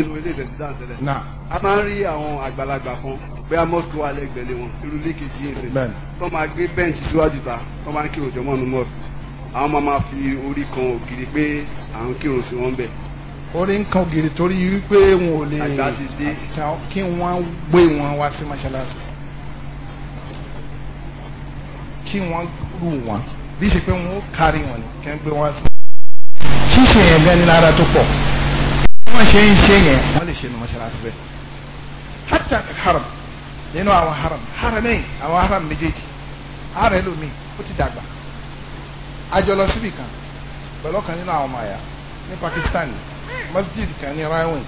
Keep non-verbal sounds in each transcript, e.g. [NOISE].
nínú ilé ìtẹ̀sí dáńtẹ̀lẹ̀. a máa ń rí àwọn àgbàlagbà kan bóyá mosque wà lẹ́gbẹ̀lẹ́ wọn irú líkì tí ń sè. tó máa gbé bẹ́ǹchì síwájú ta tó máa ń kírun jọmọ́ nu mosque. àwọn máa ma fi orí kan ògiri pé à ń kírun sí wọn bẹ̀. orí ń kan ògiri torí wípé wọn ò lè kí wọ́n gbé wọn wá sí mọ́ṣáláṣí. kí wọ́n rù wọ́n bí ṣe pé wọ́n ó kárí wọn ni kí wọn sí. ṣíṣe yẹn gan ni tó pọ̀ wọ́n ṣe ń ṣe yẹn wọ́n lè ṣe ní mọ́ṣáláṣí bẹ́ẹ̀ hata haram nínú àwọn haram haramẹ́yìn àwọn haram méjèèjì ara ẹlòmíì ó ti dàgbà àjọ lọ síbì kan pẹ̀lú ọ̀kan nínú àwọn ọmọ àyà ní Pakistan masjid kan ní raiwin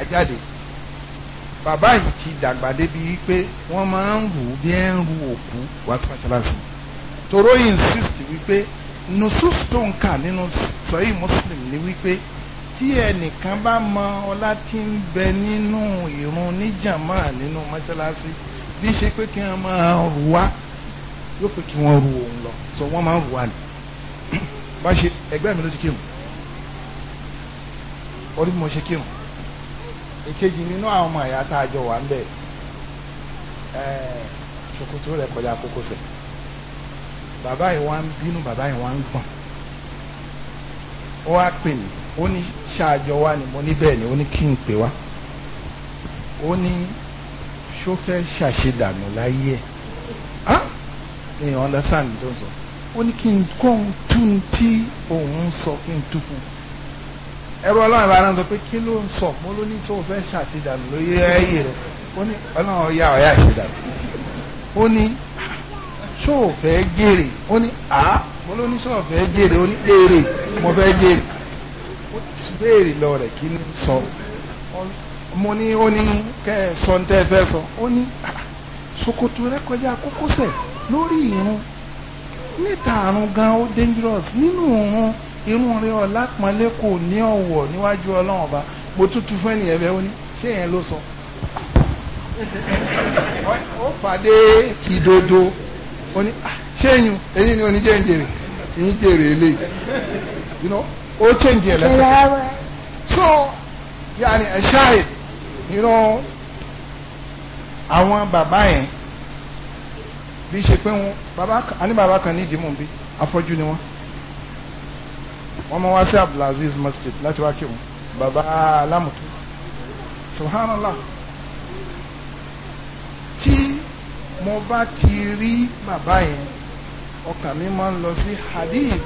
àjáde bàbá yìí ti dàgbà débi wípé wọ́n máa ń hù bí ẹ ń ru òkú wá sí mọ́ṣáláṣí toro insist wípé nusus tó ń kà nínú sọ́yìn Muslim ni wípé tí ẹnìkan bá mọ ọlá tí ń bẹ nínú ìrun níjàmá nínú mọ́ṣáláṣí bí ṣe pé kí wọ́n máa rù wá yóò pé kí wọ́n rù òun lọ sọ wọ́n máa ń rù wá ni [CLEARS THROAT] bá ṣe ẹgbẹ́ mi ló ti kírun orí mo ṣe kírun èkejì nínú àwọn ọmọ àyà tá a jọ wà ń bẹ ṣòkòtò rẹ̀ kọjá kókósẹ̀ bàbá yìí wá bínú bàbá yìí wá ń ó wá pè mí ó ní ṣáàjọ wa ni mo ní bẹ́ẹ̀ ni ó ní kí n pè wá ó ní ṣó fẹ́ ṣàṣedànù láyé ẹ̀ èèyàn understand tó ń sọ ó ní kí n kó ń tún tí òun sọ kí n tú fún un ẹrú ọlọ́run ìbára ń sọ pé kí ló ń sọ mo ló ní tó fẹ́ ṣàṣedànù lóye ẹ̀yẹ rẹ̀ ó ní ọlọ́run ọ̀yà ọ̀yà ṣèdànù ó ní ṣó fẹ́ jèrè ó ní à mo ló ní ṣó fẹ́ jèrè ó ní èrè mo fẹ́ jèrè béèrè lọ rẹ̀ kí ni sọ mo ní ó ní kẹ́ ẹ sọ ní tẹ́ ẹ fẹ́ sọ ó ní ah, ṣòkòtò rẹ̀ kọjá kókósẹ̀ lórí irun níta àrùn gan ó dangerous nínú òun irun rẹ̀ ọ̀la pọ́nlé kò ní ọ̀wọ̀ níwájú ọlọ́run ọba mo tútù fún ẹnìyẹn bẹ́ẹ̀ ó ní ṣé yẹn ló sọ ó pàdé ìdodo ó ní ah, ṣéyìn èyí ni oníjẹ́ ń jèrè ń jèrè eléyìí ó change ẹlẹ́fẹ̀ẹ́ so yanni ẹ̀ṣáì you know àwọn bàbá yẹn bí ṣe pé wọn bàbá àní bàbá kan ní ìdìmú bí afọ́jú ni wọ́n wọ́n mọ wá sí Abdulaziz Masjid láti wá kéwọn bàbá alámùtú subhanallah tí mo bá ti rí bàbá yẹn ọkàn mi máa ń lọ sí hadith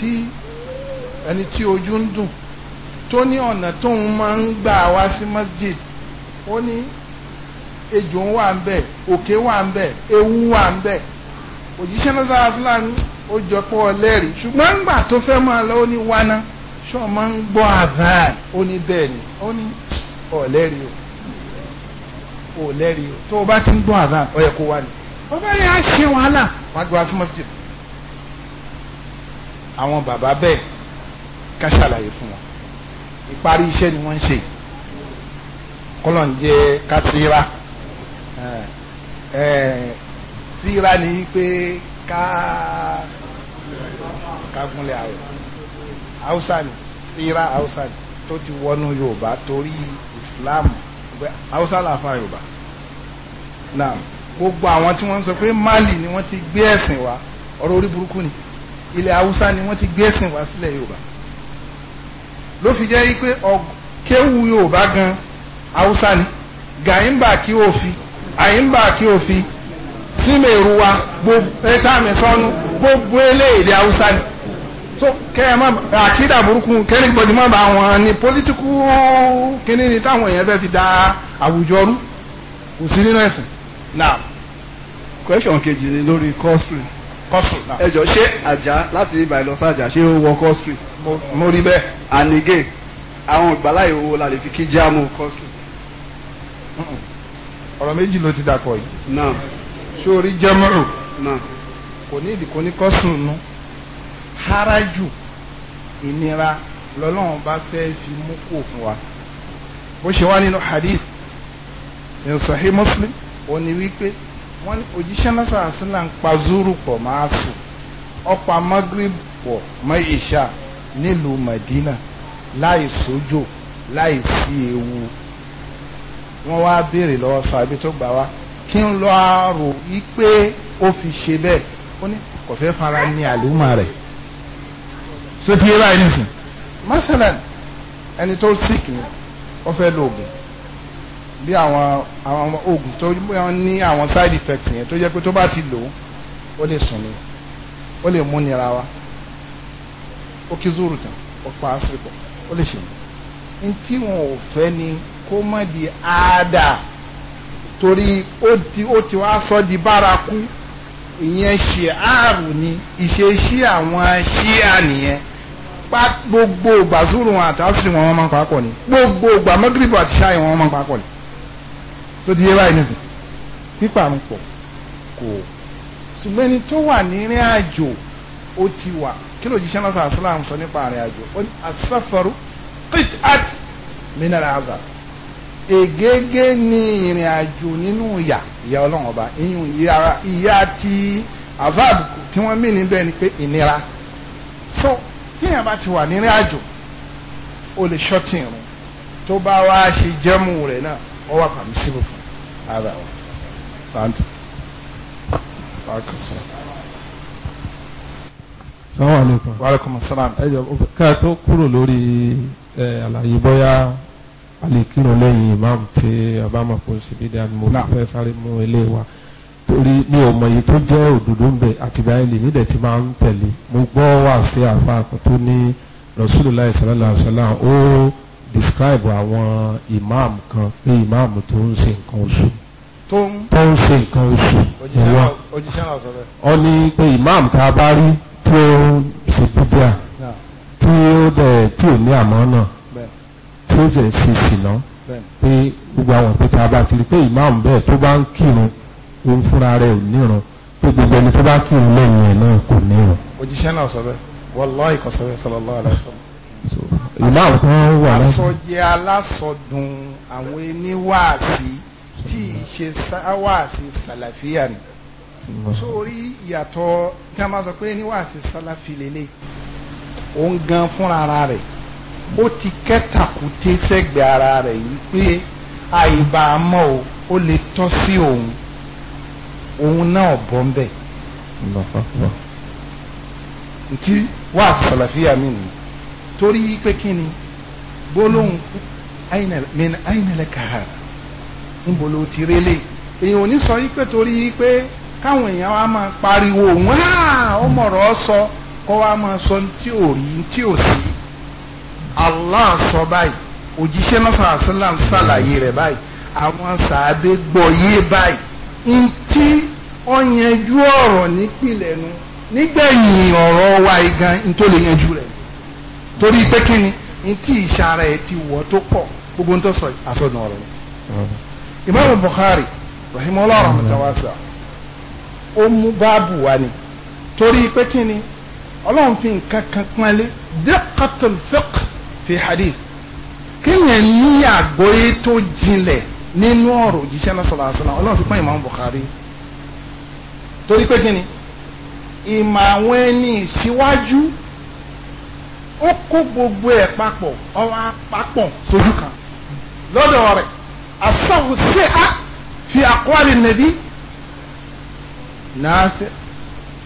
tí ẹni tí ojú ń dùn tó ní ọ̀nà tóun máa ń gbà wá sí masjid ó ní ejò ń wà ń bẹ̀ òkè wà ń bẹ̀ ewu wà ń bẹ̀ òjíṣẹ́ náà sára fúlàní ó jọ pé ọlẹ́rìí ṣùgbọ́n ńgbà tó fẹ́ máa lọ ó ní wáná ṣé o máa ń gbọ́ àdáà ó ní bẹ́ẹ̀ ni ó ní ọlẹ́rìí o ọlẹ́rìí o tó o bá ti ń gbọ́ àdáà ó yẹ kó wá ni ó bá yẹ á ṣe wàhálà wàá gbọ́ àfúnmọ́sí àwọn bàbá bẹ́ẹ̀ ká ṣàlàyé fún wọn ìparí iṣẹ́ ni wọ́n ń ṣe kọ́lọ̀ ń jẹ́ ká síra síra ni pé ká ká gúnlẹ̀ ayọ̀ haúsá ni síra haúsá ni tó ti wọnú yorùbá torí islam haúsá làfa yorùbá náà gbogbo àwọn tí wọ́n sọ pé mali ni wọ́n ti gbé ẹ̀sìn wá ọ̀rọ̀ orí burúkú ni ilẹ̀ haúsá ni wọ́n ti gbé ẹ̀sìn wá sílẹ̀ yorùbá. ló fi jẹ́ pé kéwu yorùbá gan haúsá ni gàyínbà kí o fi àyínbà kí o fi símèrú wa gbogbo eléèdè haúsá ni so kẹ́ẹ̀ má àkídà burúkú kẹ́nìgbọ́dì má bàa wọn ni pólítíkù táwọn èèyàn fẹ́ fi da àwùjọ rú kò sí question kejì ni lórí cosplay. cosplay ṣé àjà láti ibà ṣé wọ cosplay. mo rí bẹ́ẹ̀ ànigé àwọn ìgbàláyè owó la lè fi kí jáàmù kọ́sù. Hmm. ọ̀rọ̀ méjì ló ti dàpọ̀ yìí. náà. sórí jẹ́mọ̀rò. náà. kò ní ìdí kò ní kọ́sù nù. haraju ìnira lọ́lọ́run bá fẹ́ fi mú kó fún wa. bó ṣe wá nínú hadith ní Sahih Muslim ó ní wípé wọ́n ní òjíṣẹ́ lọ́sàn-án sílẹ̀ ń pa zuru pọ̀ máa sùn ọ̀pá magrib pọ̀ mọ́ ìṣá nílùú Madina láì sójò láì sí ewu wọ́n wá béèrè lọ́wọ́ sàbí tó gbà wá kí n lọ àrò wípé ó fi ṣe bẹ́ẹ̀ ó ní kò fẹ́ fara ní àlùmọ́ rẹ̀ so ti yé báyìí nìsín. masalan ẹni tó sick ni wọ́n fẹ́ lo oògùn bí àwọn àwọn oògùn tó ní àwọn side effects yẹn tó jẹ́ pé tó bá ti lò ó lè sùn ni ó lè mú wa ó kí zoro tán ó pa asiri pọ̀ ó lè ṣe ní tí wọn ò fẹ́ ni kó má di àádà torí ó ti ó ti wá sọ di bárakú ìyẹn ṣe àrùn ni ìṣesí àwọn ṣíà nìyẹn pa gbogbo ìgbà zoro wọn àtàsí wọn wọn máa ń papọ̀ ni gbogbo ìgbà mọ́gìrìbù àti ṣáà wọn máa ń papọ̀ ni tó di yé báyìí nìsín píparun pọ̀ kò ṣùgbọ́n ẹni tó wà ní àjò ó ti wà kí ló jíṣẹ́ lọ́sàn asalaam sọ nípa àrìn àjò ó ní asafaru qit'at min al-azab ègégé ni ìrìn àjò nínú ìyà ìyà ọlọ́run ọba ìyún ìyà ti azab tí wọ́n mí níbẹ̀ ni pé ìnira so tíyẹn bá ti wà nírìn àjò ó lè ṣọ́tì irun tó bá wá ṣe jẹ́mu rẹ̀ náà ó wà pàmì síbò fún un. هذا هو فأنت معك السلام salamu aleykum. wa aleykum salaam. ẹ jọ ká tó kúrò lórí ẹ àlàyé bóyá alikirun lẹ́yìn imam tí obama kò sí bí dáa mo fẹ́ sáré mú ilé wa torí mi ò mọ èyí tó jẹ́ òdodo ń bẹ àti báyìí nídẹ̀ tí máa ń tẹ̀lé mo gbọ́ wà sí àfa kan tó ní rasulillah sallallahu alayhi wa sallam ó describe àwọn imam kan pé imam tó ń ṣe nǹkan oṣù tó ń ṣe nǹkan oṣù ó ní pé imam tá a bá rí tí ó ṣe bíbíà tí ó bẹ̀rẹ̀ tí ò ní àmọ́ náà tí ó bẹ̀rẹ̀ ṣe ṣìnà pé gbogbo àwọn pé tá a bá ti rí pé ìmáàmù bẹ́ẹ̀ tó bá ń kírun òun fúnra rẹ̀ ò nírun pé gbogbo ẹni tó bá kírun lẹ́yìn ẹ̀ náà kò nírun. òjíṣẹ́ náà sọ bẹ́ẹ̀ wàláì kò sọ bẹ́ẹ̀ sallallahu alaihi wasallam. ìmáàmù kan wà lẹ́yìn. àsọjẹ alásọdùn àwọn ẹni tí ì so orí ìyàtọ̀ tí a máa sọ pé ní wàásù sálàfì lélẹ̀ òun gan fúnra ara rẹ̀ ó ti kẹ́tàkùté sẹ́gbẹ̀ẹ́ ara rẹ̀ wípé àìbàámọ̀ o ó lè tọ́ sí òun òun náà bọ́ ń bẹ̀. nti wàásù sálàfíà mi nìyí torí pé kí ni gbólóhùn min àyìnlẹ̀ ń bolo ti èèyàn ò ní sọ yí pé torí pé káwọn èèyàn wa máa pariwo òun ó mọ̀rọ̀ sọ kó wa máa sọ ní ò rí ní ò sí Allah sọ báyìí òjíṣẹ́ náà sàlám ṣàlàyé rẹ̀ báyìí àwọn sàábé gbọ́ yé báyìí ní tí ó yanjú ọ̀rọ̀ nípìnlẹ̀ nu nígbẹ̀yìn ọ̀rọ̀ wa igan ní lè yanjú rẹ̀ torí pé kí ni ní tí ìṣara ẹ̀ ti wọ̀ tó pọ̀ gbogbo ń tó sọ àsọdùn ọ̀rọ̀ rẹ̀ Imam Bukhari rahimahullah rahmatawasa. Mm ó mú báàbù wá ni torí pé kí ni ọlọ́run fi nǹkan kan pọ́nlé diqqatul fiqh fi hadith kéèyàn ní àgbọ́yé tó jinlẹ̀ nínú ọ̀rọ̀ òjíṣẹ́ náà sọ̀rọ̀ ọlọ́run fi pọ́n Imam Bukhari torí pé kí ni ìmọ̀ àwọn ẹni ìṣíwájú ó kó gbogbo ẹ̀ papọ̀ ọwọ́ apapọ̀ sójú kan lọ́dọ̀ rẹ̀ àsọ̀hùn sí a fi àkọ́wálì nàbí nafi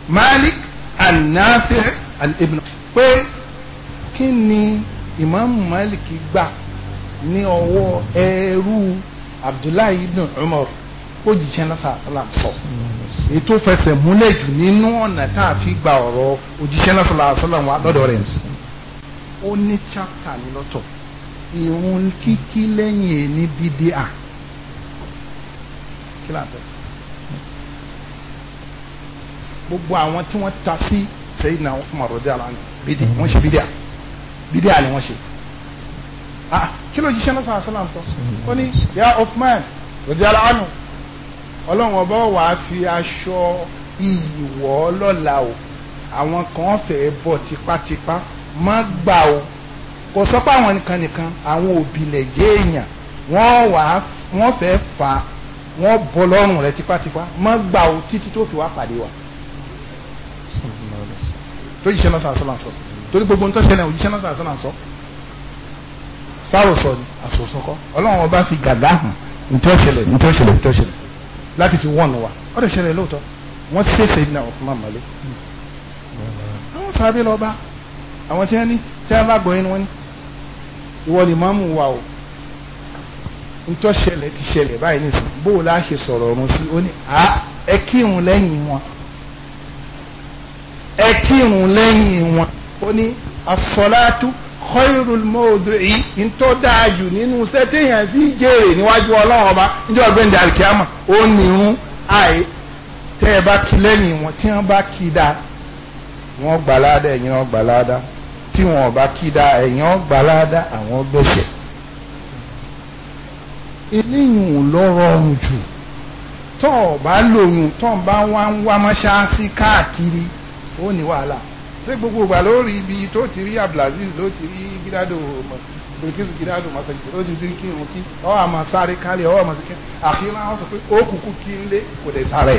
malik anafi alibna pé kí ni imaamu malik gbà ní ọwọ́ ẹrú abdullahi ibn umar ó jìṣẹ́ náà sàlám sọ ètò fẹsẹ̀ múlẹ̀ jù nínú ọ̀nà tá a fi gba ọ̀rọ̀ òjíṣẹ́ náà sàlám wa lọ́dọ̀ rẹ̀ ó ní chápítà ní lọ́tọ̀ ìrun kíkí lẹ́yìn ẹni bídíà kí ló ń bẹ̀rẹ̀ gbogbo àwọn tí wọ́n ta sí Sayyidina Umar radiyallahu anhu bídì wọ́n ṣe bídì à bídì ni wọ́n ṣe ah kí ló jíṣẹ́ náà sàn sàn sọ ó ní ya Uthman radiyallahu anhu ọlọ́run ọba wà á fi aṣọ ìwọ̀ lọ́la o àwọn kan fẹ́ bọ̀ tipátipá má gbà o kò sọ pé àwọn nìkan nìkan àwọn òbílẹ̀ yé èèyàn wọ́n wà á wọ́n fẹ́ fà á wọ́n bọ́ lọ́rùn rẹ̀ tipátipá má gbà o títí tó fi wá pàdé wa tó jíṣẹ́ náà sàásọ́ làǹsọ torí gbogbo nítorí ṣẹlẹ̀ òjíṣẹ́ náà sàásọ́ làǹsọ sáròsọ ni àsòsọkọ ọlọ́run ọba fi gàgá hàn nítorí ṣẹlẹ̀ nítorí ṣẹlẹ̀ nítorí ṣẹlẹ̀ láti fi wọ́n wa ó dẹ̀ ṣẹlẹ̀ lóòótọ́ wọ́n ṣe Sayyidina Uthman màlẹ́ àwọn sábẹ́ lọ bá àwọn tí wọ́n ní tí wọ́n bá gbọ́yìn wọn ní ìwọ ni màmú wa o nítorí ṣẹlẹ̀ ti ṣẹlẹ̀ báyìí nìsín bó o láṣẹ sọ̀rọ̀ ọ̀run sí ó ní ẹ kírun lẹ́yìn wọn ẹ kírun lẹ́yìn wọn ó ní asọ́látú khairul mawdu'i ntọ́ dáa jù nínú iṣẹ́ téèyàn fi jèrè níwájú ọlọ́run ọba níjọ́ ọ̀gbẹ́ndì alikiyama ó nìrún àì tẹ́ ẹ bá kí lẹ́yìn wọn tí wọ́n bá kí dáa wọ́n gbàládà ẹ̀yin náà gbàládà tí wọ́n bá kí dáa ẹ̀yin gbàládà àwọn gbẹ̀ṣẹ̀ eléyìí ló rọrùn jù tọ́ ọ̀ bá lòyún tọ́ ọ̀ bá wá wá mọ́ṣáláṣí káàkiri ó ní wàhálà ṣé gbogbo ìgbà ló rí ibi tó ti rí Abdulaziz ló ti rí gidado Bilkisu gidado masakiti ló ti rí kí irun kí ọwọ́ àmọ́ sáré kálẹ̀ ọwọ́ àmọ́ sáré kálẹ̀ àkíyàn sọ pé ó kúkú kí n lé kò dé sáré.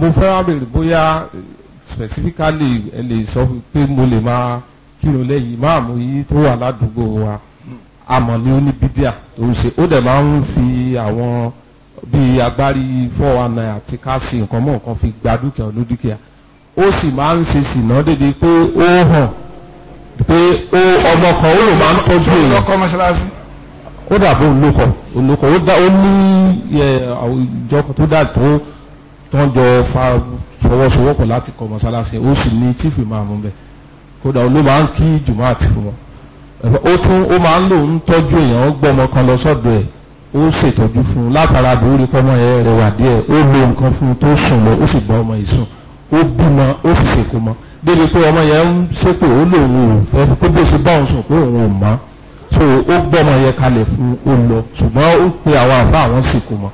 mo fẹ́ bèrè bóyá specifically ẹ lè sọ pé mo lè máa kírun lẹ́yìn máàmù yìí tó wà ládùúgbò wa àmọ́ ni ó ní bídíà tó ń ṣe ó dẹ̀ máa ń fi àwọn bíi agbárí four one nine àti káàsì nǹkan mọ́ nǹkan fi gba dúkìá olúdúkìá ó sì máa ń ṣe sìnà débi pé ó hàn pé ó ọmọ kan ó lò máa ń tọ́jú èèyàn. olùkọ́ mọ́ṣáláṣí. ó dàbí olùkọ́ olùkọ́ ó dá ó ní ìjọ tó dà tó tán jọ fọwọ́sowọ́pọ̀ láti kọ́ mọ́ṣáláṣí ó sì ní chief imam bẹ́ẹ̀ kódà ló máa ń kí jùmọ̀ àti fún wọn ó tún ó máa ń lò ń tọ́jú èèyàn ó kan lọ sọ́dọ̀ ẹ̀ ó ṣètọ́jú fún un látara àbúrí pọ́mọ ẹ̀ rẹ̀ wà díẹ̀ ó lo nǹkan fún un tó sùn lọ ó sì bọ́ ọmọ yìí sùn ó bímọ ó sì ṣèkó mọ́ débi pé ọmọ yẹn ń ṣépè ó lòun ò fẹ́ pé bó ṣe bá òun sùn pé òun ò mọ́ so ó gbọ́mọ yẹn kalẹ̀ fún ó lọ ṣùgbọ́n ó pe àwọn àfa àwọn ṣèkó mọ́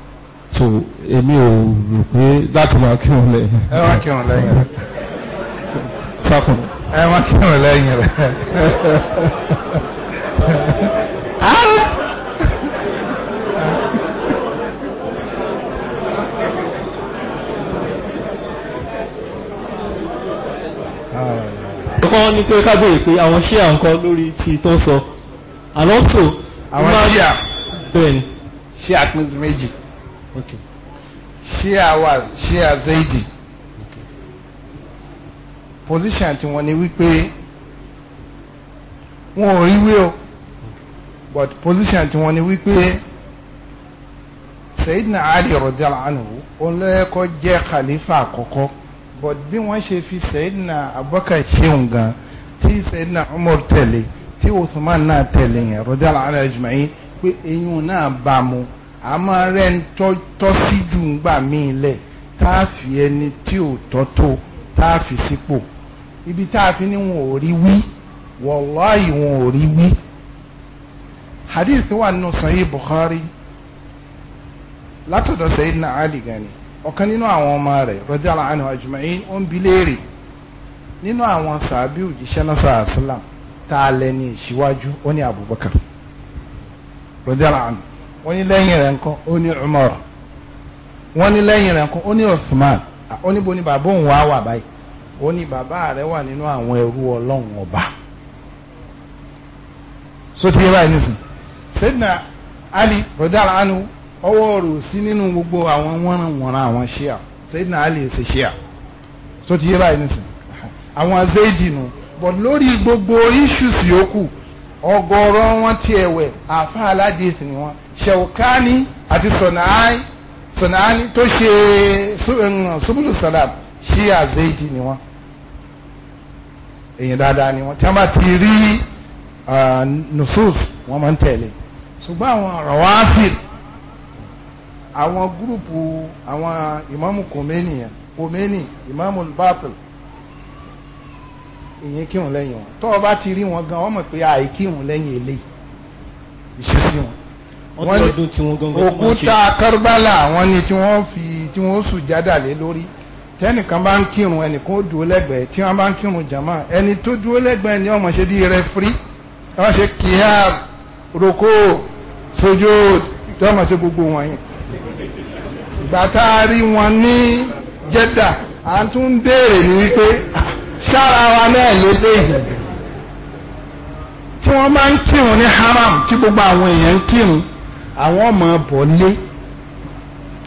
so èmi ò rò pé láti máa kí wọn lẹ́yìn. ẹ wá kí wọn lẹ́yìn rẹ. ẹ wá kí wọn lẹ́yìn rẹ. [LAUGHS] wọ́n ní pé kábèrè pé àwọn ṣíà nǹkan lórí ti tó sọ alonso àwọn ṣíà bẹ́ẹ̀ni. ṣíà pín sí méjì ṣíà wà ṣíà zaidi position tí wọ́n ní wípé wọn ò ríwé o but position tí wọ́n ní wípé na Ali radiyallahu anhu òun ló yẹ jẹ́ khalifa àkọ́kọ́. but bí wọ́n ṣe fi Sayyidina Abubakar ṣeun gan tí Sayyidina Umar tẹ̀lé tí Usman náà tẹ̀lé yẹn radiyallahu anhu ajma'in pé eyín náà bá mu àmọ́ rẹ̀ ń tọ́sí jù ń lẹ̀ tá a fi ẹni tí ò tọ́ tó tá a fi ibi tá a fi ní wọn ò rí wí wallahi wọn ò rí wí hadith wà Ali ọ̀kan nínú àwọn ọmọ rẹ̀ radiyallahu anhu ajma'in ó ń bi léèrè nínú àwọn sàábì òjíṣẹ́ náà sàá sílám tá a lẹ ní ìṣíwájú ó ní Abubakar radiyallahu anhu wọ́n ní lẹ́yìn rẹ̀ ńkọ́ ó ní Umar wọ́n ní lẹ́yìn rẹ̀ ńkọ́ ó ní Usman ó ní bo bàbá òun wá wà báyìí ó ní bàbá rẹ̀ wà nínú àwọn ẹrú Ọlọ́run ọba sótìyẹ́ báyìí nìsín Sayyidina Ali radiyallahu anhu ọwọ́ rò sí nínú gbogbo àwọn wọ́nranwọ̀nran àwọn ṣíà Sayyidina Ali ṣe ṣíà tó ti yé báyìí nísìn àwọn zaydi nù but lórí gbogbo issues yòókù ọ̀gọ̀rọ̀ wọn ti ẹ̀wẹ̀ àfa aládìsí ni wọn Shawkani àti Sanai Sanani tó ṣe subulu salam ṣíà zaydi ni wọn èyàn dáadáa ni wọn tí wọn bá ti rí nusus wọn máa ń tẹ̀lé ṣùgbọ́n àwọn rawafid àwọn gúrùpù àwọn ìmáàmù kòmẹ́nì yẹn kòmẹ́nì ìmáàmù batil ìyẹn kírun lẹ́yìn wọn tó o bá ti rí wọn gan wọ́n mọ̀ pé àì kírun lẹ́yìn eléyìí ìṣesí wọn òkúta Karbala àwọn ni tí wọ́n fi tí wọ́n sùjádà lé lórí tẹ́nìkan bá ń kírun ẹnìkan ó dúró lẹ́gbẹ̀ẹ́ tí wọ́n bá ń kírun jàmá ẹni tó dúró lẹ́gbẹ̀ẹ́ ni ọmọ ṣe bí rẹfúrí wọ́n ṣe kíá roko sojo tí wọ́n ṣe gbogbo wọn gbàtà rí wọn ní jẹ́dà à ń tún béèrè ní wípé sára wa náà lélẹ́yìn tí wọ́n bá ń kírun ní haram tí gbogbo àwọn èèyàn ń kírun àwọn ọmọ bọ̀ lé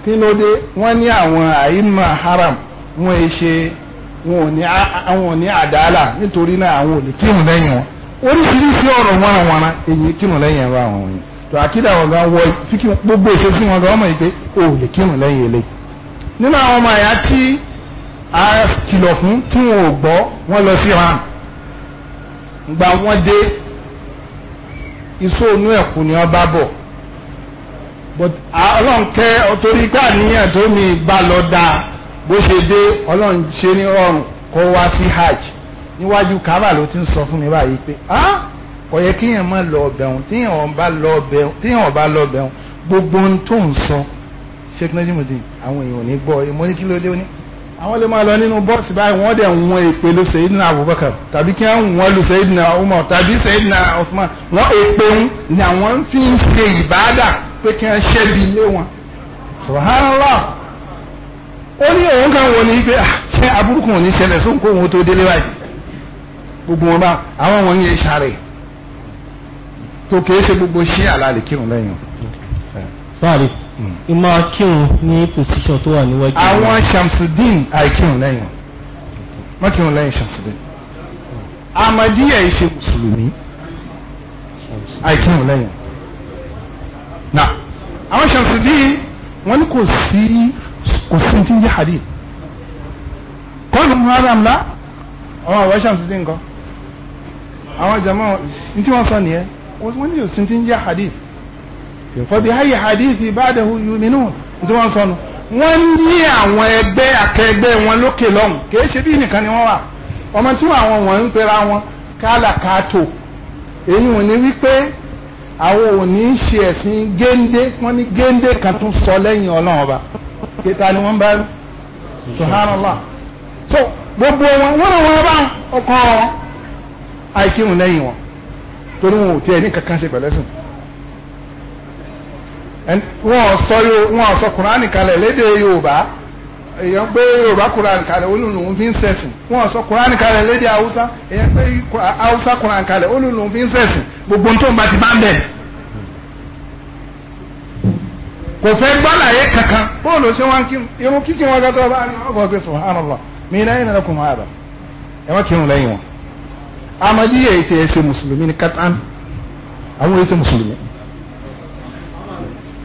kí ló dé wọ́n ní àwọn àìmọ̀ haram wọ́n ẹ ṣe wọn ò ní àdáàlà nítorí náà àwọn ò lè kírun lẹ́yìn wọn oríṣiríṣi ọ̀rọ̀ wọn àwọn èyí kírun lẹ́yìn ẹ̀rọ àwọn òyìn tó àkídà wọn gan wọ fíkì gbogbo èso fún wọn gan ọmọ yìí pé o ò lè kírun lẹ́yìn eléyìí nínú àwọn ọmọ àyà tí a kìlọ̀ fún tí wọn ò gbọ́ wọn lọ sí ram gba wọn dé iṣó inú ẹ̀kú ni wọn bá bọ̀ but ọlọ́run kẹ́ torí gbà níyàn tó mi bá lọ dáa bó ṣe dé ọlọ́run ṣe ní ọrùn kó wá sí hajj níwájú kaaba ló ti ń sọ fún mi báyìí pé ah kò yẹ kéèyàn má lọ ọbẹ̀hún téèyàn bá lọ ọbẹ̀hún téèyàn bá lọ ọbẹ̀hún gbogbo ohun tó ń sọ sheikh najimudin àwọn èèyàn ò ní gbọ́ mo ní kí ló dé ó ní. àwọn lè máa lọ nínú bọ́ọ̀sì báyìí wọ́n dẹ̀ wọ́n èpè ló Sayyidina Abubakar tàbí kí wọ́n lu Sayyidina Umar tàbí Sayyidina Uthman wọ́n èpè ń ni àwọn fi ń ṣe ìbáàdà pé kí wọ́n ṣẹ́bi ilé wọn. subhanallah ó ní òun kan wọ ní pé ah, ṣé aburúkú òní ṣẹlẹ̀ sóńkó òun tó délé báyìí gbogbo wọn bá àwọn wọn yẹn ṣàrẹ̀ tó kìí ṣe gbogbo ṣí àlàlè kírun lẹ́yìn. sọ́ọ̀rì hmm. ìmọ̀ kírun ní pòsíṣàn tó wà níwájú. àwọn Shamsuddin àìkírun lẹ́yìn wọ́n kírun lẹ́yìn Shamsuddin. Ahmadiyya yìí mùsùlùmí àìkírun lẹ́yìn. na àwọn Shamsuddin wọ́n ní kò sí kò sí ní ti hadith kọ́ọ̀lù muharram la àwọn àwọn Shamsuddin nǹkan àwọn jàmọ́ ní tí wọ́n sọ nìyẹn wọ́n ní òsín tí ń jẹ́ hadith fọ́bi ayé hadith ìbádahu yuminun tí wọ́n sọnù wọ́n ní àwọn ẹgbẹ́ akẹgbẹ́ wọn lókè lọ́hùn kìí ṣe bí nìkan ni wọ́n wà ọmọ tí àwọn wọ̀n ń pera wọn kálàkátò èyí ò ní wípé àwọn ò ní ṣe ẹ̀sìn géńdé wọ́n ní géńdé kan tún sọ lẹ́yìn ọlọ́run ọba kíta ni wọ́n bá rí subhanallah so gbogbo wọn wọ́n rẹ̀ wọ́n bá ọkàn wọn àìkírun lẹ́yìn wọn torí wọn ò tiẹ̀ ní kankan ṣe pẹ̀lẹ́sìn wọn sọ wọn sọ kùránì kalẹ̀ lédè yorùbá èèyàn gbé yorùbá kùránì kalẹ̀ olùlùún fi ń sẹ̀sìn wọn sọ kùránì kalẹ̀ lédè haúsá èèyàn gbé haúsá kùránì kalẹ̀ olùlùún fi ń sẹ̀sìn gbogbo tó ń bá ti bá ń bẹ̀. kò fẹ́ gbọ́láyé kankan bóòlù ṣé wọ́n kí irun kíkì wọn gàtọ́ bá ní ọgọ́ gbèsè hàn lọ mí náà yẹn nana kùn hàn àdà ẹ má kírun lẹ́yìn wọn amadiya ètò ẹsẹ mùsùlùmí ni katan àwọn ẹsẹ mùsùlùmí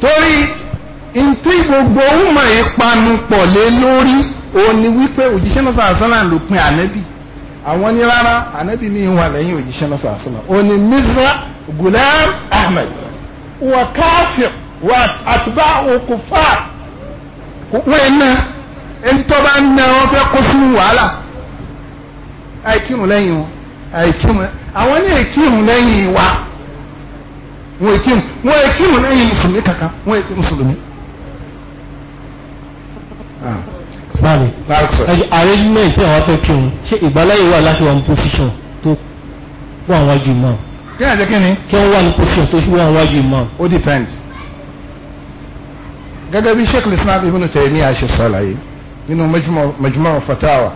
torí ntí gbogbo ọmọ ìpanu pọ̀ lé lórí òun ni wípé òjíṣẹ́ náà sàásánà ló pin ànábì àwọn ní rárá ànábì mi wà lẹ́yìn òjíṣẹ́ náà sàásánà òun ni Mirza Ghulam Ahmad wà káfíọ̀ wà àtúbà òkùnfà wọ́n ẹ̀ ẹni tó bá ń na wọn fẹ́ kó sínú wàhálà àìkírun lẹ́yìn wọn àìkíhùn àwọn ní èkíhùn lẹ́yìn wa wọn èkíhùn wọn èkíhùn lẹ́yìn mùsùlùmí kankan wọn èkí mùsùlùmí. Ah. sáré arrangement tí àwọn fẹ́ kírun ṣé ìgbàláyè wà láti wà ní position tó wà wájú imam. kí ni àjẹ́ kí ni. kí wọ́n wà ní position tó wà wájú imam. ó depend. gẹ́gẹ́ bí sheikh islam ibn Taymiyyah àṣẹ sọ̀làyé nínú majmu' majmu' fatawa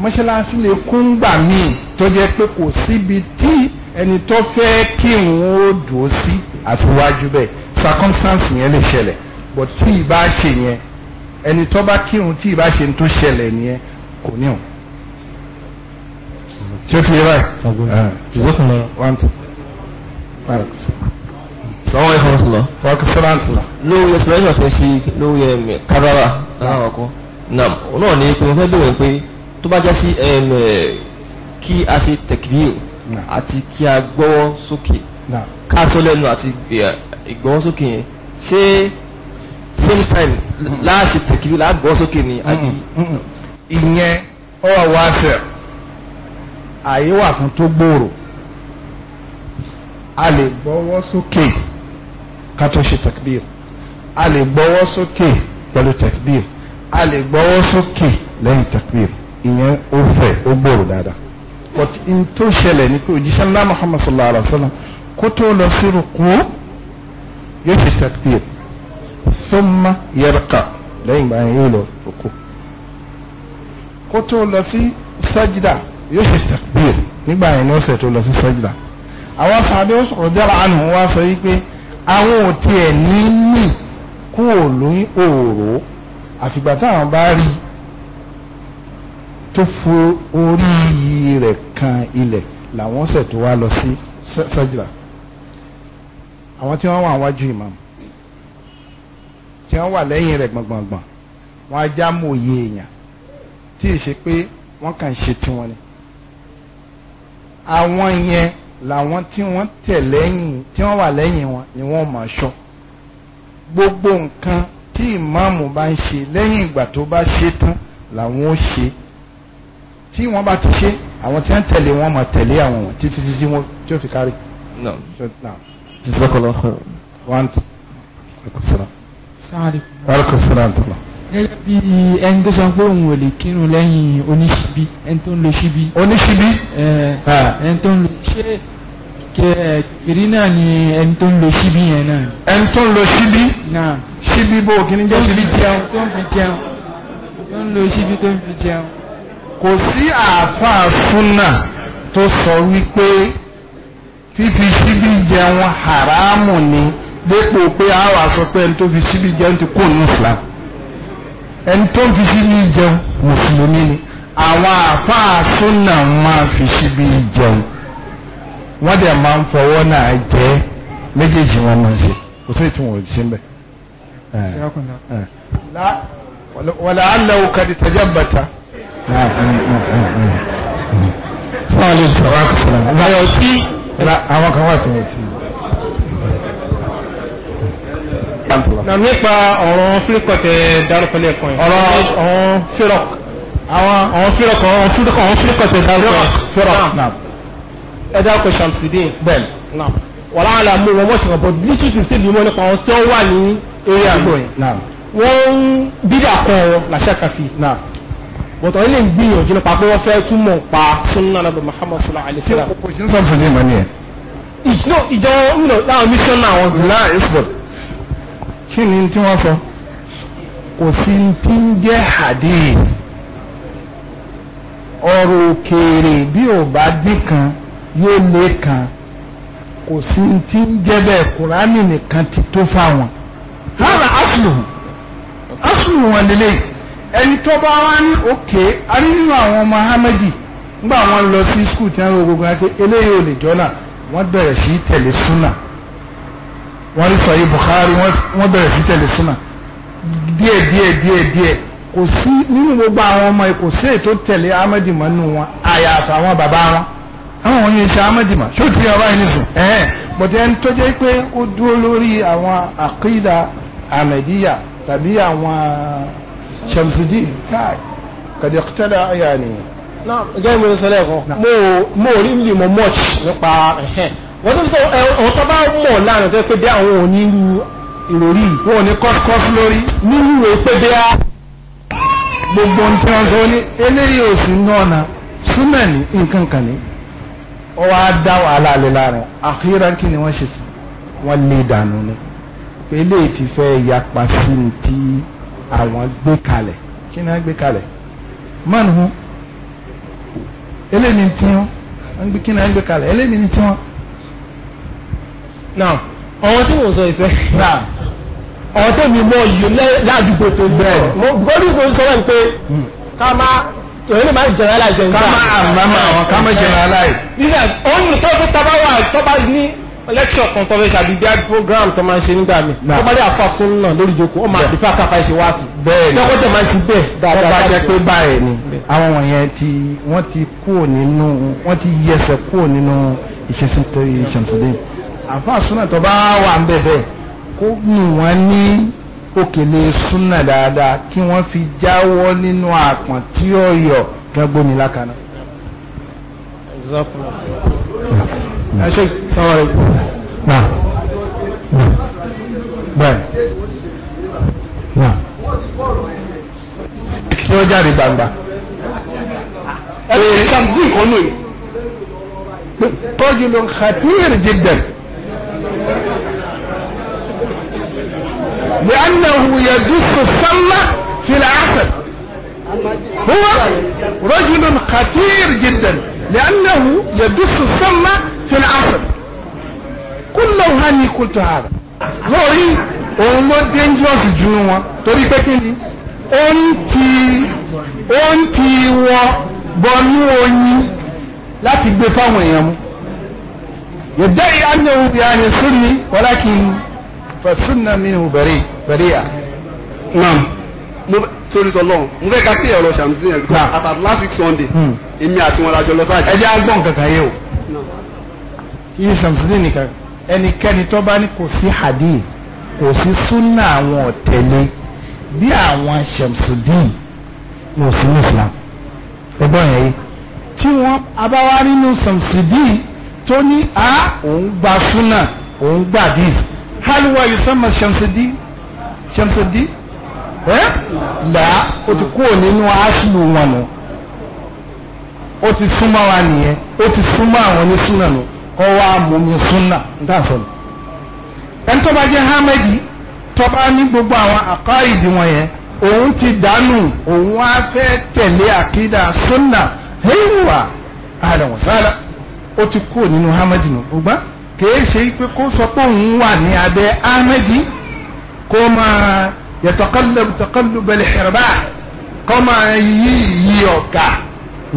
mọ́ṣáláṣí lè kún gbà míì tó jẹ́ pé kò síbi tí ẹni tó fẹ́ kírun ó dùn sí àfiwájú bẹ́ẹ̀ circumstance yẹn lè ṣẹlẹ̀ but tí ìbá ṣe yẹn ẹni tó bá kírun tí ìbá ṣe tó ṣẹlẹ̀ nìyẹn kò ní o. ṣé fi yẹ báyìí. Sọ́wọ́n ẹ̀kọ́ ọ̀sùnlọ. Wọ́n sọ́ra ń tìlọ. Lórí ẹ̀sùn ẹ̀sùn ọ̀fẹ́ sí lórí ẹ̀mí um, kábàrà ah. láwọn ọkọ̀. Nàm, òun náà ní pé mo fẹ́ bẹ̀rẹ̀ pé tó bá jẹ́ sí eh, kí a ṣe tẹ̀kìlì àti kí a gbọ́wọ́ sókè ká sọ lẹ́nu àti eh, ìgbọ́wọ́ sókè yẹn ṣé same time mm-hmm. láti tẹ̀kìlì láti gbọ́wọ́ sókè ni àbí. Mm-hmm. Mm-hmm. ìyẹn ó wà wá fẹ́ àyè wà fún tó gbòòrò a lè gbọ́wọ́ sókè ká tó ṣe tẹ̀kìlì a lè gbọ́wọ́ sókè pẹ̀lú tẹ̀kìlì a lè gbọ́wọ́ sókè lẹ́yìn tẹ̀kìlì ìyẹn ó fẹ̀ ó gbòòrò dáadáa but in tó ṣẹlẹ̀ ni pé òjíṣẹ́ ńlá muhammad sallallahu alayhi wa sallam kó tó lọ sí rúkú yóò ṣe takbir summa yarqa lẹ́yìn ìgbà yẹn yóò lọ rúkú kó tó lọ sí sajida yóò ṣe takbir nígbà yẹn ni ṣe tó lọ sí sajida àwọn sàbẹ̀ rọ̀jàlá àánú wa sọ yí pé àwọn ò tiẹ̀ ní mì kúrò lóyún òòró àfìgbà táwọn bá rí i tó fo orí rẹ̀ kan ilẹ̀ làwọn ṣẹ̀ tó wá lọ sí sajda àwọn tí wọ́n wà wájú imam tí wọ́n wà lẹ́yìn rẹ̀ gbọ̀ngbọ̀ngbọ̀n wọ́n á já mú òye èèyàn tí ì ṣe pé wọ́n kàn ṣe tiwọn ni àwọn yẹn làwọn tí wọ́n tẹ̀ lẹ́yìn tí wọ́n wà lẹ́yìn wọn ni wọ́n máa ṣọ́ gbogbo nǹkan tí ìmáàmù bá ń ṣe lẹ́yìn ìgbà tó bá ṣe tán làwọn ó ṣe tí wọ́n bá ti ṣe àwọn tí wọ́n tẹ̀lé wọn máa tẹ̀lé àwọn wọn títí títí wọn tí ó fi kárí. gẹ́gẹ́ bí ẹni tó sọ pé òun ò lè kírun lẹ́yìn oníṣíbí ẹni tó ń lo ṣíbí. oníṣíbí. ẹni tó ń lo ṣé kiri náà ni ẹni tó ń lo ṣíbí yẹn náà. ẹni tó ń lo ṣíbí. ṣíbí bó kí ni jẹ́ ṣíbí jẹun. tó ń fi jẹun tó ń lo ṣíbí tó ń fi jẹun kò sí àáfàá súnà tó sọ wípé fífi síbí jẹun haramu ni dépò pé a wà sọ pé ẹni tó fi síbí jẹun ti kó ní Islam ẹni tó fi síbí jẹun mùsùlùmí ni àwọn àáfàá súnà máa fi síbí jẹun wọ́n dẹ̀ máa ń fọwọ́ náà jẹ méjèèjì wọn máa ṣe kò sí ìtumọ̀ òṣìṣẹ́ mbẹ́. wàlá àlọ́ òkàdì tẹ̀jẹ̀ bàtà fọ́ọ̀lì ìṣòro àkùsọ̀rọ̀ ìbáyọ̀ tí àwọn kan wà tí wọ́n ti na nípa ọ̀rọ̀ fílíkọ̀tẹ̀ dárúkọlẹ̀ kan yìí ọ̀rọ̀ ọ̀hún fírọ̀k àwọn ọ̀hún fírọ̀k ọ̀hún fírọ̀k ọ̀hún fílíkọ̀tẹ̀ dárúkọlẹ̀ fírọ̀k náà ẹ̀dá kò Shamsuddin bẹ́ẹ̀ náà wọ́n láwọn làmú wọn mọ̀ ṣùgbọ́n bọ́dí ní ṣùtì sí ìdímọ́ nípa àwọn tí ó wà ní eré àgbọ̀ yìí wọ́n ń bídà kọ́ wọn làṣà kàfí náà bọ̀tọ̀ ilé ń gbìyànjú nípa pé wọ́n fẹ́ túmọ̀ pa sunnah nabi muhammad sallallahu alayhi ṣé o kò ṣe ń sọ fún mi mọ nìyẹn. ìjọ ìjọ ńlọ láwọn mísọ́nà àwọn. ìlà kí ni tí wọ́n sọ kò sí tí ń jẹ́ hadith òkèèrè bí ò bá dín kan yóò lé kan kò sí tí ń jẹ́ bẹ́ẹ̀ nìkan ti tó fáwọn. wọn ẹni tó bá wá ní òkè arí nínú àwọn ọmọ si nígbà wọn lọ sí skul tí wọn gbogbo wọn pé eléyìí ò lè jọ́nà wọ́n bẹ̀rẹ̀ sí tẹ̀lé súnà wọ́n rí sọ̀yí Bukhari wọ́n bẹ̀rẹ̀ sí kò sí nínú gbogbo àwọn ọmọ kò sí ètò tẹ̀lé hamadi mọ́ nínú wọn àyàfà àwọn bàbá wọn àwọn òun yẹn ṣe hamadi mọ́ ṣó ti tó jẹ́ pé ó dúró lórí àwọn àmẹ̀díyà tàbí àwọn شمس الدين káì kàdé kútẹ́lá ayà ni gẹ́gẹ́ mi sọ lẹ́ẹ̀kan mo rí mi mọ̀ much nípa wọ́n tó sọ ọ̀hún tó bá mọ̀ láàrin tó pé bí àwọn onírú ìròrí wọn ò ní kọ́síkọ́sí lórí nínú ìwé pé bí a gbogbo ń tẹ́ wọn sọ ní eléyìí ò sí náà na súnmọ̀ ní wàhálà lè láàrin àkíyàn kí ni wọ́n ṣe sí wọ́n lè dànù ni pé eléyìí ti fẹ́ yapa sí ní àwọn gbé kalẹ̀ kí ni wọ́n gbé kalẹ̀ man hu eléyìí tí wọ́n kí ni wọ́n gbé kalẹ̀ eléyìí tí wọ́n. now ọ̀rọ̀ tí mo sọ ìfẹ́. náà ọ̀rọ̀ tó mi mọ yìí ládùúgbò tó bẹ́ẹ̀. mo gbọ́dọ̀ sọ sọ́wọ́n pé hmm. ká máa tòun ní máa generalize. ká máa àmàmà àwọn ká máa generalize. nígbà òun nìkan tó tábà wà tó bá ní lecture kan tó fẹ́ ṣàbí bí program tó máa ń ṣe nígbà mi tó bá dé àfàkún náà lórí ìjókòó ó máa dìfà káfà ṣe wá sí bẹ́ẹ̀ni tọ́kọ́ tẹ̀ máa ń ti bẹ́ẹ̀ dáadáa bá jẹ́ pé báyìí ni àwọn wọ̀nyẹn tí wọ́n ti kúrò nínú wọ́n ti yẹsẹ̀ kúrò nínú ìṣẹ́síntẹ́rì Shamsuddin àfáà súnà tó bá wà ń bẹ̀ bẹ́ẹ̀ kó nù wọ́n ní òkèlè súnà dáadáa kí wọ́n fi jáwọ́ nínú àpọ̀n tí ó yọ gbẹ́gbómi lákàná. طيب نعم نعم bẹ́ẹ̀ náà kí wọ́n jáde gbangba. ẹ̀rọ kan bí nǹkan nù لأنه يدس الصلة في العسل هو رجل خطير جدا لأنه يدس الصلة في العسل kó lọ wá ní kótó àrà lórí òun ló dangerous jù wọn torí pé kí ni ó ń ti ó ń ti wọ bọnú oyin láti gbé fáwọn èèyàn mu yẹ̀dá yìí ánìyàn bí ánìyàn sunni walakin fasunna minhu bari bari'a. naam mo torí tọlọ́run mo fẹ́ ka pé ọ̀rọ̀ sàmùsí yẹn because as at last week sunday hmm. èmi àti wọn la jọ lọ sáàjì. ẹ jẹ́ àgbọ̀n kankan yẹ o. iye sàmùsí nìkan ẹnikẹ́ni tó bá ní kò sí hadith kò sí súnà àwọn ọ̀tẹ̀lé bí àwọn Shamsuddin wọn ò sí ní Islam ẹgbọ́n yẹn yìí tí wọ́n abáwá nínú Shamsuddin tó ní a òun gba súnà òun gba hadith haliwa yusama Shamsuddin Shamsuddin ẹ là ó ti kúrò nínú aṣílù wọn nù ó ti súnmọ́ wa nìyẹn ó ti súnmọ́ àwọn onísúnà nù kọ́ wá mọ̀mí súnà dáàfọ̀ ni. ẹni tó bá jẹ́ hamadi tó bá ní gbogbo àwọn àkọ́ìdì wọn yẹn òun ti dànù òun á fẹ́ tẹ̀lé àkídà súnà hẹ́wà àdàwọ̀ sálà ó ti kúrò nínú hamadi nù ọgbọ́n kìí ṣe pé kó sọ pé òun wà ní abẹ́ hamadi kó máa yataqallab taqallub al-hirba kó máa yí iye ọ̀gá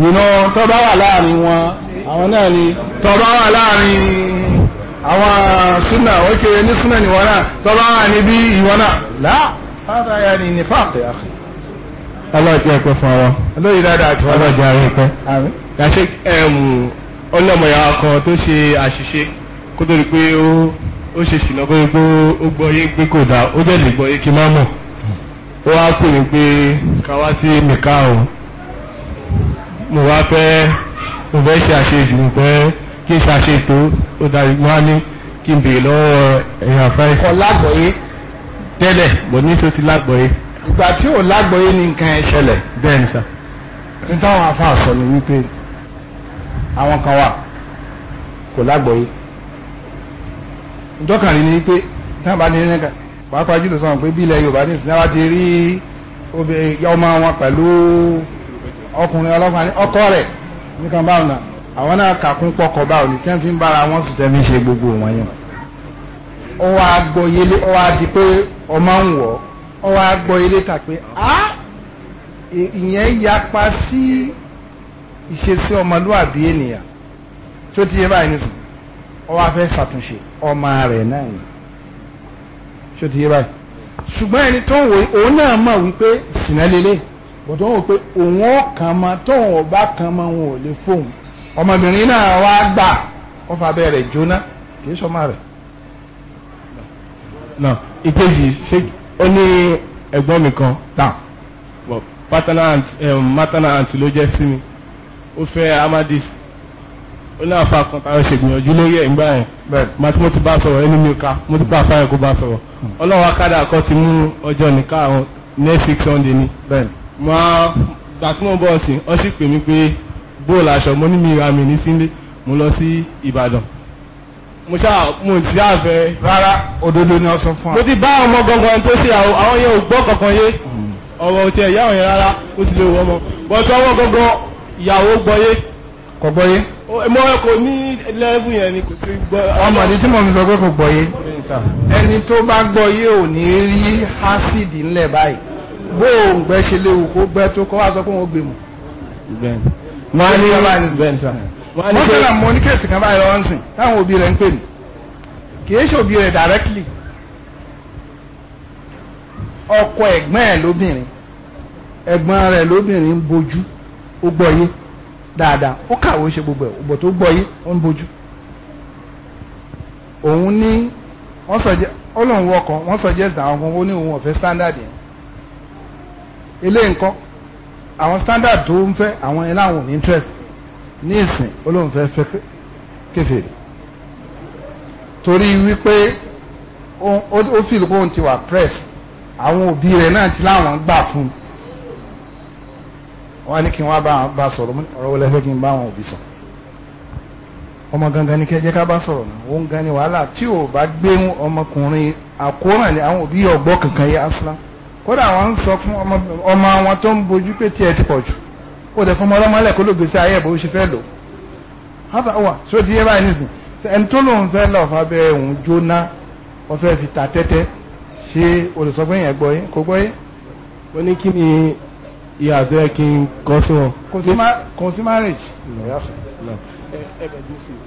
nínú tó wà láàrin wọn àwọn náà ni tọba wà láàrin àwọn súnà ó kéré ní súnà níwọ̀n náà tọba wà níbi ìwọ̀n náà láà hádà yà ni nifaq yà sí. ọlọ́ọ̀jẹ́ ẹ̀kọ́ fún ọwọ́. olóyè dáadáa àti wọn. ọlọ́ọ̀jẹ́ ààrẹ ẹ̀kọ́. yàtí ọlọ́mọyàwó kan tó ṣe àṣìṣe kó tó di pé ó ṣe ṣìnà pé ó gbọ́ yé pé kò dáa ó dẹ̀ gbọ́ yé kí má mọ̀ ó wá pè mí pé ká sí nìkan o mo wá fẹ́ mo fẹ́ ṣe àṣejù mo fẹ́ kí n ṣe àṣetò ó darí wọn á ní kí n bèrè lọ́wọ́ ẹ̀yìn àfáìsì. kò lágbọ̀ọ́yé. tẹ́lẹ̀ bọ̀ ní ti lágbọ̀ọ́yé. ìgbà tí ò lágbọ̀ọ́yé ni nǹkan ẹ̀ ṣẹlẹ̀. bẹ́ẹ̀ ni sà. n táwọn afáà sọ ni wípé àwọn kan wà kò lágbọ̀ọ́yé. ìjọkànlẹ̀ ni wípé náà bá ní ẹ̀ka pàápàá jùlọ sọ̀rọ̀ pé bí ilẹ̀ Yorùbá ní ìsìn ti rí ọmọ wọn pẹ̀lú ọkùnrin ọlọ́kùnrin ọkọ rẹ̀ nìkan báwọn náà àwọn náà kàkún pọkọ báwọn ní tẹ́ǹfì ń bára wọn sì tẹ́ǹfì ṣe gbogbo wọn yẹn ó wá gbọ́ yẹlé ó wá di pé ọmọ ń wọ̀ ó wá gbọ́ yẹlé tà pé á ìyẹn yapa sí ìṣesí ọmọlúwàbí ènìyàn tó ti yé báyìí nísìnyí ó wá fẹ́ ṣàtúnṣe ọmọ rẹ̀ náà ni tó ti yé báyìí ṣùgbọ́n ẹni tó ń wò òun náà mọ̀ wípé sìnà lélẹ́yìí bòtò wọn pé òun ó kàn mọ tóun ò bá kàn mọ òun ò lè fóun ọmọbìnrin náà wá gbà wọn fà bẹ́ẹ̀ rẹ̀ jóná kì í sọmọ rẹ̀. náà ìkejì ṣe ó ní ẹ̀gbọ́n mi kan tà um, maternal aunt ló jẹ́ sí mi ó fẹ́ amadis ó ní àfa kan tayọ ṣègbìyànjú lórí ẹ̀ ńgbà yẹn màtí mo ti bá sọ̀rọ̀ ẹni mi ká mo ti bá àfa bá sọ̀rọ̀ hmm. ọlọ́wọ́ akádà kan ti mú ọjọ́ nìka àwọn next sunday ni mo á gbà tí mo bọ̀ ọ̀sìn ọ sì pè mí pé bóòlù aṣọ mo ní mi ra mi ní sílé mo lọ sí Ìbàdàn mo ṣáà mo ti àfẹ. rárá òdodo ni ọ fún wa. mo ti bá àwọn ọmọ gangan tó ṣe àwọn yẹn ò gbọ́ kankan yé hmm. ọ̀rọ̀ ti ẹ̀yà òyìn rárá ó ti lè wọ́n mọ́ bọ́tú ọwọ́ gangan ìyàwó gbọ́yé. kò gbọ́yé. mo kò ní lẹ́ẹ̀bù yẹn ni kò ti gbọ́. ọmọ ní tí mo fi sọ pé kò gbọ́yé ẹni tó bá gbọ́yé ò ní rí ásìdì ńlẹ̀ báyìí bó òun gbẹ́ ṣe léwu kó gbẹ́ tó kọ́ wá sọ pé wọ́n gbé mu. wọ́n ní wọ́n fẹ́ràn kan báyọ̀ ọ́n táwọn òbí rẹ̀ ń pè ní kì ṣe òbí rẹ̀ directly ọkọ ẹ̀gbọ́n ẹ̀ lóbìnrin ẹ̀gbọ́n rẹ̀ lóbìnrin ń bojú ó gbọ́yé dáadáa ó kàwé ṣe gbogbo ẹ̀ ọ̀bọ̀ tó gbọ́yé ó ń bojú òun ní wọ́n sọ jẹ́ ọlọ́run wọkọ̀ wọ́n sọ jẹ́ zàwọn kan ó ní òun ọ̀fẹ́ standard yẹn ele nkọ àwọn standard tó ń fẹ́ àwọn ẹ̀ láwọn ní interest ní ìsìn olóhùn fẹ́ fẹ́ kèfèrí torí wípé ó fìlú pé òun ti wà press àwọn òbí rẹ̀ náà ti láwọn gbà fún un wọ́n kí wọ́n bá sọ̀rọ̀ ọ̀rọ̀ wọlé fẹ́ kí ọmọ gangan ni kẹjẹ ká bá sọ̀rọ̀ náà òun gan ni wàhálà tí ò bá gbé ọmọkùnrin àkóràn ni àwọn òbí ọgbọ kankan yẹ kódà wọn ń sọ fún ọmọ àwọn tó ń bojú pé tiẹ̀ ti pọ̀ jù ó dẹ̀ fún ọmọ ọlọ́mọlẹ̀ kó ló gbèsè ayé bó ṣe fẹ́ lò hafa wà sóò ti yé báyìí nísìn ẹni tó lòun fẹ́ lọ fàbẹ́ òun jóná wọ́n fi ta tẹ́tẹ́ ṣé olùsọgbọ́n yẹn gbọ́ yé kó gbọ́ yé. wọ́n ní kí ni ìyá àti kí n kọ́ sí wọn. kò sí marriage. ẹ̀ẹ́dẹ̀gbẹ̀sì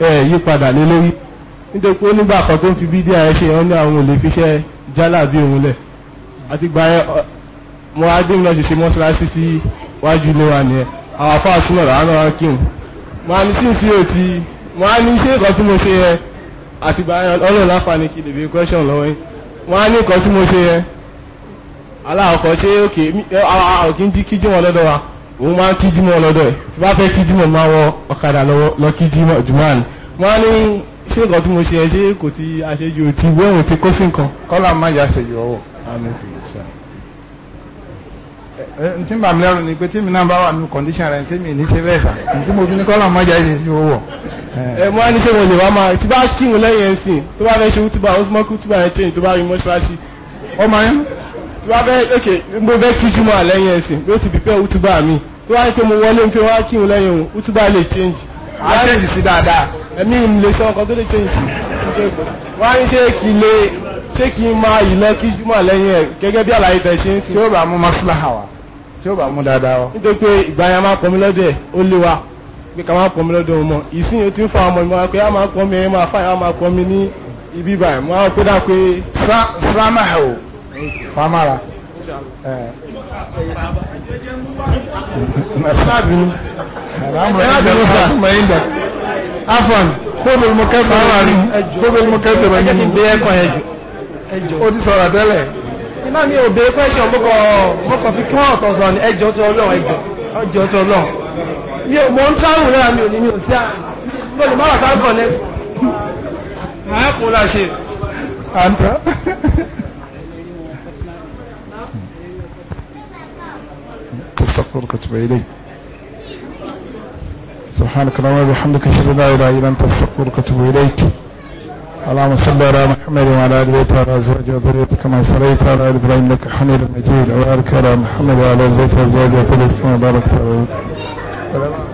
ẹ yí padà lé lórí nítorí pé nígbà kan tó ń fi bídíà ẹ ṣe wọn ní àwọn olè fiṣẹ́ jálà bí òun lẹ̀ àti gba ẹ mo wá dé mi náà ṣèṣe mọ́ṣáláṣí sí wájú ilé wa nìyẹn àwọn afọ àtúnmọ̀ rà náà wá kí n mo á ní sí ìsí òtí mo á ní ṣé nǹkan tí mo ṣe yẹ àti gba ẹ ọlọ́run láǹfààní kí lè question lọ́wọ́ yín mo á ní nǹkan tí mo ṣe yẹ aláàkọ́ ṣé òkè àwọn òkè ń jí kíjú wọn lọ́dọ̀ wa òun máa ń kí jímọ̀ lọ́dọ̀ ẹ̀ tí bá fẹ́ kí jímọ̀ máa wọ ọ̀kadà lọ kí jímọ̀ jùmọ̀n wọ́n á ní ṣé nǹkan tí mo ṣe ẹ ṣé kò ti àṣejù òtí wẹ́ẹ̀rùn ti kó sí kọ́lá máa yà àṣejù ọwọ́. ntí bàmí lẹ́rù ni pé tèmi náà bá wà nínú kọ́ndíṣàn rẹ̀ tèmi ní ṣe bẹ́ẹ̀ fà ntí mo fi ní kọ́lá máa yà àṣejù ọwọ́. ẹ mo á ní ṣé mo tí wọ́n bẹ́ ok mo bẹ́ kí jùmọ̀ lẹ́yìn ẹ̀sìn ló ti pípẹ́ utuba mi tí wọ́n á pe mo wọlé nfẹ́ á kí utuba lè change. a change si dada. ẹ̀mí mi lè sọ ọkàn tó lè change sí wọ́n á ní ṣé kí lè ṣé kí n máa yìí lọ kí jùmọ̀ lẹ́yìn ẹ̀ bí àlàyé tẹ̀ ṣe ń sìn. tí ó bá mú maslaha wá tí ó bá mú dáadáa nítorí pé ìgbà yẹn máa pọ̀ mí ó lé wa pé ká máa pọ̀ mí ọmọ ìsìn yóò ti ń fa ọmọ ìmọ̀ pé máa pọ̀ mí ẹ̀ máa máa pọ̀ mí famára afan kóbi mo kẹ́kọ̀ọ́ rẹ̀ kóbi mo kẹ́kọ̀ọ́ rẹ̀ nínú ìgbé ẹ̀kọ́ ẹ̀jọ̀ ó ti sọ̀rọ̀ tẹ́lẹ̀ iná ní òbí pẹ́ṣọ̀ mọ́kọ̀ fi kí wọ́n ọ̀tọ̀ sọ ní ẹjọ́ tó ọlọ́run ẹjọ́ ọjọ́ tó ọlọ́run mi ò mọ̀ ń táwùn náà mi ò ní mi ò sí à mo lè má wà sáà bọ̀ lẹ́sùn máa kó láṣẹ. àǹtá [LAUGHS] المغفور كتب سبحانك اللهم وبحمدك اشهد ان لا اله الا انت استغفرك واتوب اليك اللهم صل على محمد وعلى ال بيت وعلى ازواجه وذريته كما صليت على ال ابراهيم انك حميد مجيد وبارك على محمد وعلى ال بيت وازواجه وذريته كما باركت على